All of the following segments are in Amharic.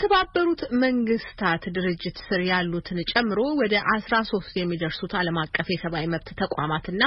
በተባበሩት መንግስታት ድርጅት ስር ያሉትን ጨምሮ ወደ አስራ ሶስት የሚደርሱት ዓለም አቀፍ የሰብአዊ መብት ተቋማትና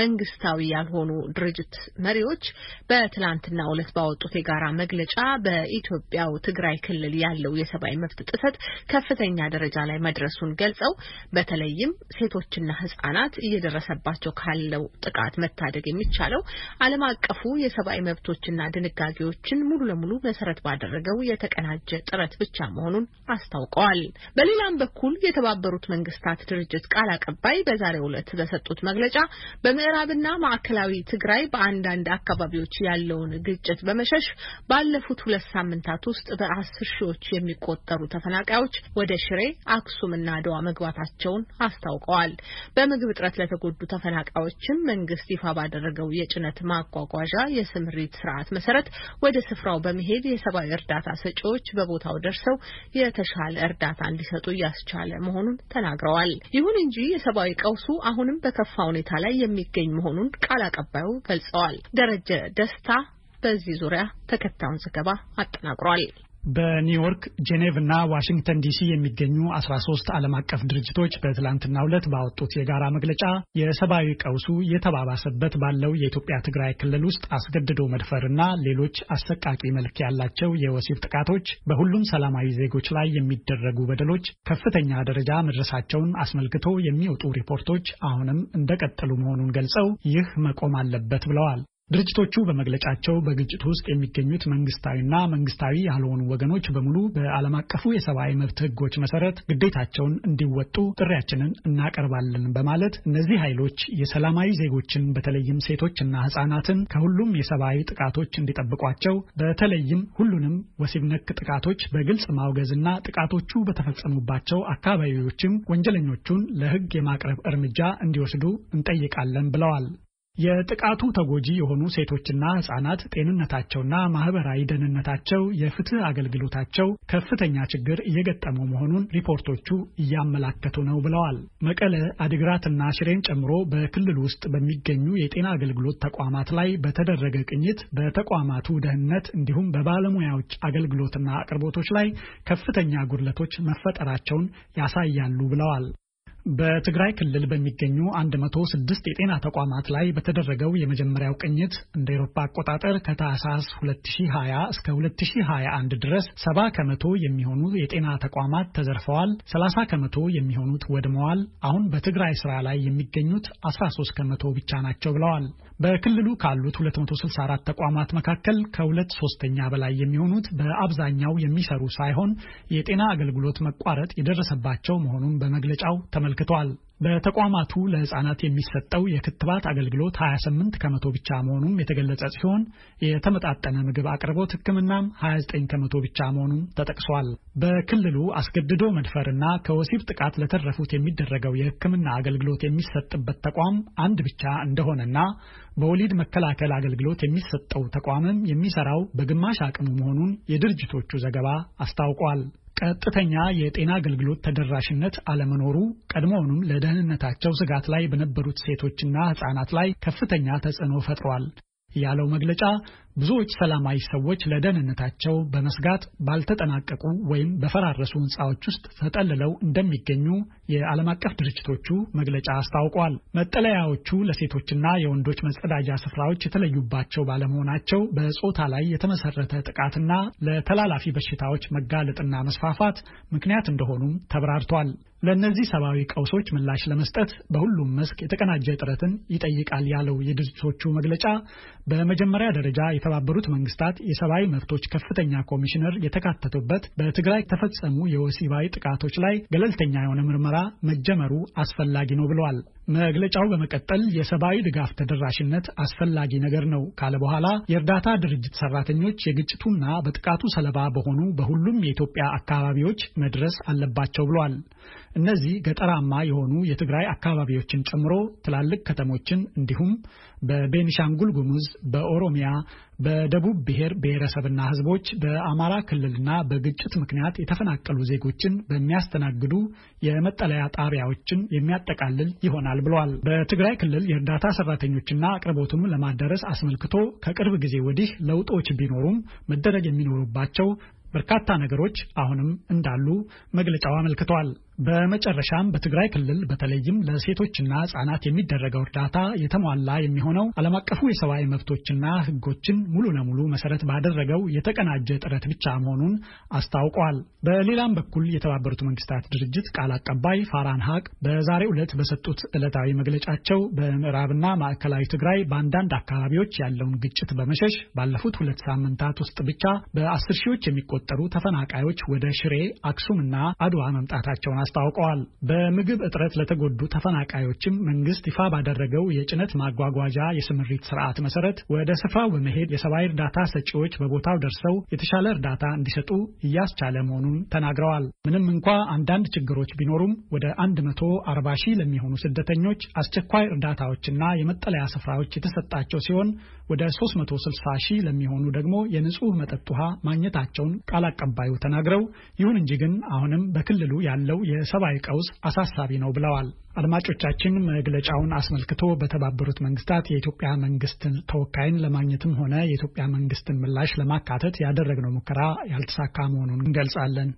መንግስታዊ ያልሆኑ ድርጅት መሪዎች በትላንትናው ዕለት ባወጡት የጋራ መግለጫ በኢትዮጵያው ትግራይ ክልል ያለው የሰብአዊ መብት ጥሰት ከፍተኛ ደረጃ ላይ መድረሱን ገልጸው በተለይም ሴቶችና ህጻናት እየደረሰባቸው ካለው ጥቃት መታደግ የሚቻለው ዓለም አቀፉ የሰብአዊ መብቶችና ድንጋጌዎችን ሙሉ ለሙሉ መሰረት ባደረገው የተቀናጀ ጥረት ብቻ መሆኑን አስታውቀዋል። በሌላም በኩል የተባበሩት መንግስታት ድርጅት ቃል አቀባይ በዛሬው ዕለት በሰጡት መግለጫ በምዕራብና ማዕከላዊ ትግራይ በአንዳንድ አካባቢዎች ያለውን ግጭት በመሸሽ ባለፉት ሁለት ሳምንታት ውስጥ በአስር ሺዎች የሚቆጠሩ ተፈናቃዮች ወደ ሽሬ፣ አክሱምና አድዋ መግባታቸውን አስታውቀዋል። በምግብ እጥረት ለተጎዱ ተፈናቃዮችም መንግስት ይፋ ባደረገው የጭነት ማጓጓዣ የስምሪት ስርዓት መሰረት ወደ ስፍራው በመሄድ የሰብአዊ እርዳታ ሰጪዎች በቦታው ደርሰው የተሻለ እርዳታ እንዲሰጡ እያስቻለ መሆኑን ተናግረዋል። ይሁን እንጂ የሰብአዊ ቀውሱ አሁንም በከፋ ሁኔታ ላይ የሚገኝ መሆኑን ቃል አቀባዩ ገልጸዋል። ደረጀ ደስታ በዚህ ዙሪያ ተከታዩን ዘገባ አጠናቅሯል። በኒውዮርክ ጄኔቭ እና ዋሽንግተን ዲሲ የሚገኙ 13 ዓለም አቀፍ ድርጅቶች በትላንትናው ዕለት ባወጡት የጋራ መግለጫ የሰብአዊ ቀውሱ የተባባሰበት ባለው የኢትዮጵያ ትግራይ ክልል ውስጥ አስገድዶ መድፈር እና ሌሎች አሰቃቂ መልክ ያላቸው የወሲብ ጥቃቶች በሁሉም ሰላማዊ ዜጎች ላይ የሚደረጉ በደሎች ከፍተኛ ደረጃ መድረሳቸውን አስመልክቶ የሚወጡ ሪፖርቶች አሁንም እንደቀጠሉ መሆኑን ገልጸው ይህ መቆም አለበት ብለዋል። ድርጅቶቹ በመግለጫቸው በግጭቱ ውስጥ የሚገኙት መንግስታዊና መንግስታዊ ያልሆኑ ወገኖች በሙሉ በዓለም አቀፉ የሰብአዊ መብት ሕጎች መሰረት ግዴታቸውን እንዲወጡ ጥሪያችንን እናቀርባለን በማለት እነዚህ ኃይሎች የሰላማዊ ዜጎችን በተለይም ሴቶችና ሕጻናትን ከሁሉም የሰብአዊ ጥቃቶች እንዲጠብቋቸው በተለይም ሁሉንም ወሲብ ነክ ጥቃቶች በግልጽ ማውገዝና ጥቃቶቹ በተፈጸሙባቸው አካባቢዎችም ወንጀለኞቹን ለሕግ የማቅረብ እርምጃ እንዲወስዱ እንጠይቃለን ብለዋል። የጥቃቱ ተጎጂ የሆኑ ሴቶችና ህጻናት ጤንነታቸውና ማህበራዊ ደህንነታቸው፣ የፍትህ አገልግሎታቸው ከፍተኛ ችግር እየገጠመው መሆኑን ሪፖርቶቹ እያመላከቱ ነው ብለዋል። መቀለ፣ አድግራትና ሽሬን ጨምሮ በክልል ውስጥ በሚገኙ የጤና አገልግሎት ተቋማት ላይ በተደረገ ቅኝት በተቋማቱ ደህንነት እንዲሁም በባለሙያዎች አገልግሎትና አቅርቦቶች ላይ ከፍተኛ ጉድለቶች መፈጠራቸውን ያሳያሉ ብለዋል። በትግራይ ክልል በሚገኙ 106 የጤና ተቋማት ላይ በተደረገው የመጀመሪያው ቅኝት እንደ ኤሮፓ አቆጣጠር ከታህሳስ 2020 እስከ 2021 ድረስ 70 ከመቶ የሚሆኑ የጤና ተቋማት ተዘርፈዋል፣ 30 ከመቶ የሚሆኑት ወድመዋል። አሁን በትግራይ ስራ ላይ የሚገኙት 13 ከመቶ ብቻ ናቸው ብለዋል። በክልሉ ካሉት 264 ተቋማት መካከል ከሁለት ሶስተኛ በላይ የሚሆኑት በአብዛኛው የሚሰሩ ሳይሆን የጤና አገልግሎት መቋረጥ የደረሰባቸው መሆኑን በመግለጫው ተመልክቷል። አመልክቷል። በተቋማቱ ለህጻናት የሚሰጠው የክትባት አገልግሎት 28 ከመቶ ብቻ መሆኑም የተገለጸ ሲሆን የተመጣጠነ ምግብ አቅርቦት ሕክምናም 29 ከመቶ ብቻ መሆኑም ተጠቅሷል። በክልሉ አስገድዶ መድፈርና ከወሲብ ጥቃት ለተረፉት የሚደረገው የሕክምና አገልግሎት የሚሰጥበት ተቋም አንድ ብቻ እንደሆነና በወሊድ መከላከል አገልግሎት የሚሰጠው ተቋምም የሚሰራው በግማሽ አቅሙ መሆኑን የድርጅቶቹ ዘገባ አስታውቋል። ቀጥተኛ የጤና አገልግሎት ተደራሽነት አለመኖሩ ቀድሞውኑም ለደህንነታቸው ስጋት ላይ በነበሩት ሴቶችና ሕፃናት ላይ ከፍተኛ ተጽዕኖ ፈጥሯል ያለው መግለጫ ብዙዎች ሰላማዊ ሰዎች ለደህንነታቸው በመስጋት ባልተጠናቀቁ ወይም በፈራረሱ ህንፃዎች ውስጥ ተጠልለው እንደሚገኙ የዓለም አቀፍ ድርጅቶቹ መግለጫ አስታውቋል። መጠለያዎቹ ለሴቶችና የወንዶች መጸዳጃ ስፍራዎች የተለዩባቸው ባለመሆናቸው በጾታ ላይ የተመሰረተ ጥቃትና ለተላላፊ በሽታዎች መጋለጥና መስፋፋት ምክንያት እንደሆኑም ተብራርቷል። ለእነዚህ ሰብአዊ ቀውሶች ምላሽ ለመስጠት በሁሉም መስክ የተቀናጀ ጥረትን ይጠይቃል ያለው የድርጅቶቹ መግለጫ በመጀመሪያ ደረጃ የተባበሩት መንግስታት የሰብአዊ መብቶች ከፍተኛ ኮሚሽነር የተካተቱበት በትግራይ ተፈጸሙ የወሲባዊ ጥቃቶች ላይ ገለልተኛ የሆነ ምርመራ መጀመሩ አስፈላጊ ነው ብለዋል። መግለጫው በመቀጠል የሰብአዊ ድጋፍ ተደራሽነት አስፈላጊ ነገር ነው ካለ በኋላ የእርዳታ ድርጅት ሰራተኞች የግጭቱና በጥቃቱ ሰለባ በሆኑ በሁሉም የኢትዮጵያ አካባቢዎች መድረስ አለባቸው ብሏል። እነዚህ ገጠራማ የሆኑ የትግራይ አካባቢዎችን ጨምሮ ትላልቅ ከተሞችን እንዲሁም በቤኒሻንጉል ጉሙዝ፣ በኦሮሚያ፣ በደቡብ ብሔር ብሔረሰብና ህዝቦች በአማራ ክልልና በግጭት ምክንያት የተፈናቀሉ ዜጎችን በሚያስተናግዱ የመጠለያ ጣቢያዎችን የሚያጠቃልል ይሆናል ብለዋል። በትግራይ ክልል የእርዳታ ሰራተኞችና አቅርቦቱን ለማዳረስ አስመልክቶ ከቅርብ ጊዜ ወዲህ ለውጦች ቢኖሩም መደረግ የሚኖሩባቸው በርካታ ነገሮች አሁንም እንዳሉ መግለጫው አመልክቷል። በመጨረሻም በትግራይ ክልል በተለይም ለሴቶችና ህጻናት የሚደረገው እርዳታ የተሟላ የሚሆነው ዓለም አቀፉ የሰብአዊ መብቶችና ህጎችን ሙሉ ለሙሉ መሰረት ባደረገው የተቀናጀ ጥረት ብቻ መሆኑን አስታውቋል። በሌላም በኩል የተባበሩት መንግስታት ድርጅት ቃል አቀባይ ፋራን ሀቅ በዛሬው ዕለት በሰጡት ዕለታዊ መግለጫቸው በምዕራብና ማዕከላዊ ትግራይ በአንዳንድ አካባቢዎች ያለውን ግጭት በመሸሽ ባለፉት ሁለት ሳምንታት ውስጥ ብቻ በአስር ሺዎች የሚቆጠሩ ተፈናቃዮች ወደ ሽሬ፣ አክሱም እና አድዋ መምጣታቸውን አስታውቀዋል። በምግብ እጥረት ለተጎዱ ተፈናቃዮችም መንግስት ይፋ ባደረገው የጭነት ማጓጓዣ የስምሪት ስርዓት መሰረት ወደ ስፍራው በመሄድ የሰብአዊ እርዳታ ሰጪዎች በቦታው ደርሰው የተሻለ እርዳታ እንዲሰጡ እያስቻለ መሆኑን ተናግረዋል። ምንም እንኳ አንዳንድ ችግሮች ቢኖሩም ወደ 140 ሺህ ለሚሆኑ ስደተኞች አስቸኳይ እርዳታዎችና የመጠለያ ስፍራዎች የተሰጣቸው ሲሆን ወደ 360 ሺህ ለሚሆኑ ደግሞ የንጹህ መጠጥ ውሃ ማግኘታቸውን ቃል አቀባዩ ተናግረው ይሁን እንጂ ግን አሁንም በክልሉ ያለው የሰብአዊ ቀውስ አሳሳቢ ነው ብለዋል። አድማጮቻችን መግለጫውን አስመልክቶ በተባበሩት መንግስታት የኢትዮጵያ መንግስትን ተወካይን ለማግኘትም ሆነ የኢትዮጵያ መንግስትን ምላሽ ለማካተት ያደረግነው ሙከራ ያልተሳካ መሆኑን እንገልጻለን።